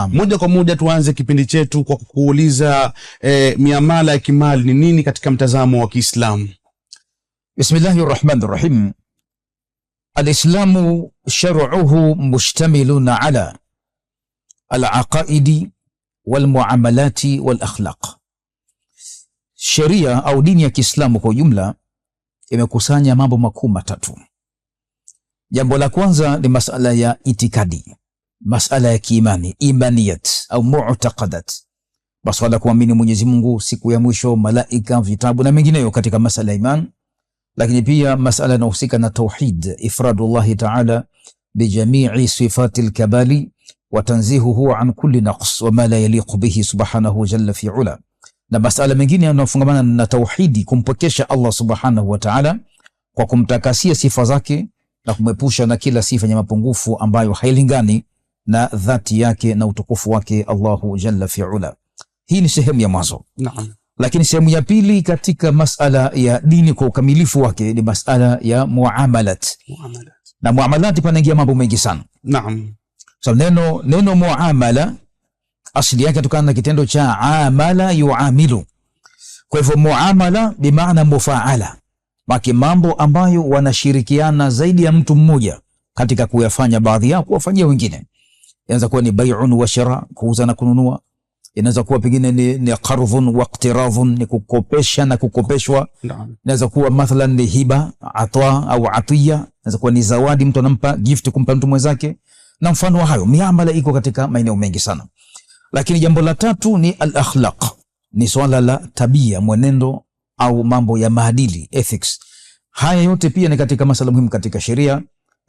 moja kwa moja tuanze kipindi chetu kwa kuuliza eh, miamala ya kimali ni nini katika mtazamo wa Kiislamu? bismillahi rahmani Rahim. Alislamu shar'uhu mushtamilun ala alaqaidi walmuamalati walakhlaq, sheria au dini ya Kiislamu kwa ujumla imekusanya mambo makuu matatu. Jambo la kwanza ni masala ya itikadi masala ya kiimani imaniyat au mu'taqadat, maswala kuamini Mwenyezi Mungu, siku ya mwisho, malaika, vitabu na mengineyo katika masala ya iman, lakini pia masala yanahusika na tauhid, ifradullahi ta'ala bijamii sifati lkamali wa tanzihuhu an kulli naqs wama la yaliqu bihi subhanahu jalla fi ula, na masala mengine yanayofungamana na tauhidi, kumpokesha Allah subhanahu wa ta'ala kwa kumtakasia sifa zake na kumwepusha na kila sifa yenye mapungufu ambayo hailingani na dhati yake na utukufu wake Allahu jalla fiula. Hii ni sehemu ya mwanzo. Naam. Lakini sehemu ya pili katika masala ya dini kwa ukamilifu wake ni masala ya muamalat. Muamalat. Na muamalat panaingia mambo mengi sana. Naam. So, neno neno muamala asili yake kutokana na kitendo cha amala yuamilu. Kwa hivyo muamala bi maana mufaala. Maki mambo ambayo wanashirikiana zaidi ya mtu mmoja katika kuyafanya baadhi yao kuwafanyia wengine inaweza kuwa ni bai'un wa shira, kuuza na kununua. Inaweza kuwa pengine ni, ni qardhun wa iqtiradhun, ni kukopesha na kukopeshwa. Inaweza kuwa mathalan ni hiba, atwa au atiya. Inaweza kuwa ni zawadi, mtu anampa gift, kumpa mtu mwenzake na mfano wa hayo. Miamala iko katika maeneo mengi sana, lakini jambo la tatu ni al-akhlaq, ni swala la tabia, mwenendo au mambo ya maadili ethics. Haya yote pia ni katika masala muhimu katika sheria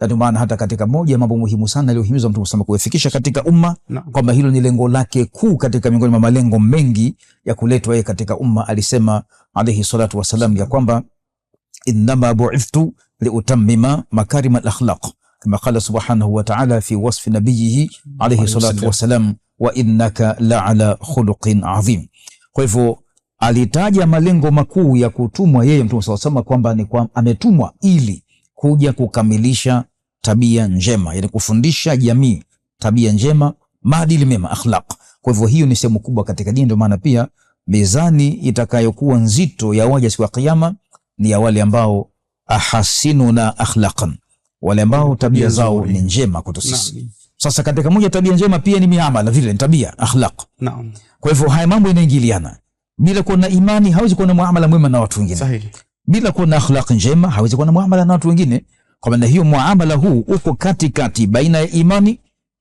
na ndio maana hata katika moja ya mambo muhimu sana aliyohimizwa Mtume Muhammad kuifikisha katika umma kwamba hilo ni lengo lake kuu katika miongoni mwa malengo mengi ya kuletwa yeye katika umma, alisema alayhi salatu wasalam ya kwamba innama bu'ithtu liutammima makarima al-akhlaq kama qala subhanahu wa ta'ala fi wasfi nabiyihi alayhi salatu wasalam wa innaka la ala khuluqin azim. Kwa hivyo alitaja malengo makuu ya kutumwa yeye Mtume sallallahu kwamba ni kwa ametumwa ili kuja kukamilisha tabia njema, yani kufundisha jamii tabia njema, maadili mema, akhlaq. Kwa hivyo hiyo ni sehemu kubwa katika dini. Ndio maana pia mizani itakayokuwa nzito ya waja siku ya Kiyama ni ya wale ambao ahasinuna akhlaqan, wale ambao tabia zao ni njema kwetu sisi. Sasa katika moja tabia njema pia ni miamala, vile ni tabia akhlaq. Naam. Kwa hivyo haya mambo yanaingiliana. Bila kuwa na imani hawezi kuwa na muamala mwema na watu wengine. Sahihi. Bila kuwa na akhlaq njema hawezi kuwa na muamala na watu wengine. Kwa maana hiyo muamala huu uko katikati baina ya imani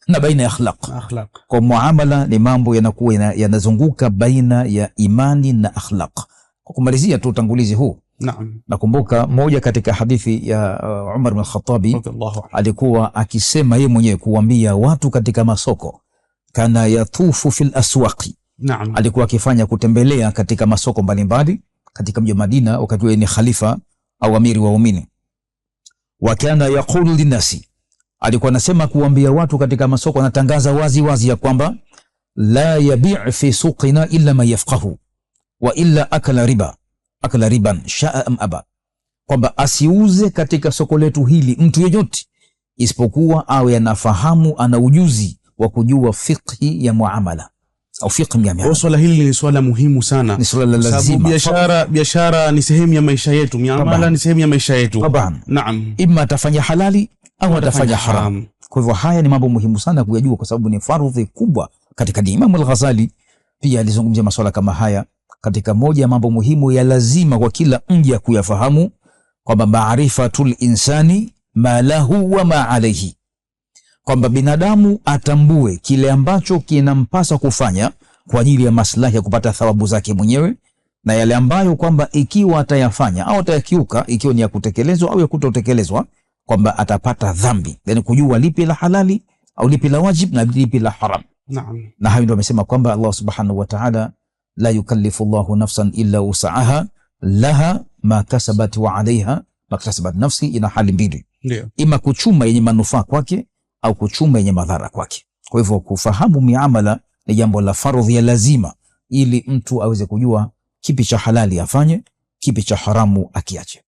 na baina ya akhlaq. Akhlaq. Kwa muamala ni mambo yanakuwa yanazunguka ya baina ya imani na akhlaq. Kwa kumalizia tu utangulizi huu Naam. Nakumbuka moja katika hadithi ya uh, Umar bin Khattabi alikuwa akisema yeye mwenyewe kuambia watu katika masoko kana yatufu fil aswaqi. Naam. Alikuwa akifanya kutembelea katika masoko mbalimbali katika mji wa Madina wakati ni khalifa au amiri wa waumini wakana yaqulu linasi, alikuwa anasema kuambia watu katika masoko, anatangaza wazi wazi ya kwamba la yabiu fi suqina illa man yafqahu wa illa akala riba akala riban shaa am aba, kwamba asiuze katika soko letu hili mtu yeyote isipokuwa awe anafahamu, ana ujuzi wa kujua fiqhi ya muamala au fiqhun jamian. Oh, swala hili ni swala muhimu sana, ni swala la lazima. Biashara biashara ni sehemu ya maisha yetu, miamala ni sehemu ya maisha yetu. Taban, naam, ima atafanya halali au atafanya haram. Kwa hivyo haya ni mambo muhimu sana kuyajua, kwa sababu ni fardhi kubwa katika dini. Imam al-Ghazali pia alizungumzia masuala kama haya katika moja ya mambo muhimu ya lazima kwa kila mja kuyafahamu kwamba maarifatul insani ma lahu wa ma alayhi kwamba binadamu atambue kile ambacho kinampasa kufanya kwa ajili ya maslahi ya kupata thawabu zake mwenyewe na yale ambayo kwamba ikiwa atayafanya au atayakiuka, ikiwa ni ya kutekelezwa au ya kutotekelezwa, kwamba atapata dhambi, yani kujua lipi la halali au lipi la wajib na lipi la haram. Naam, na hayo ndio amesema kwamba Allah subhanahu wa ta'ala, la yukallifu Allahu nafsan illa usaaha laha ma kasabat wa 'alayha maktasabat. Nafsi ina hali mbili, ndio ima kuchuma yenye manufaa kwake au kuchuma yenye madhara kwake. Kwa hivyo kufahamu miamala ni jambo la fardhi ya lazima, ili mtu aweze kujua kipi cha halali afanye, kipi cha haramu akiache.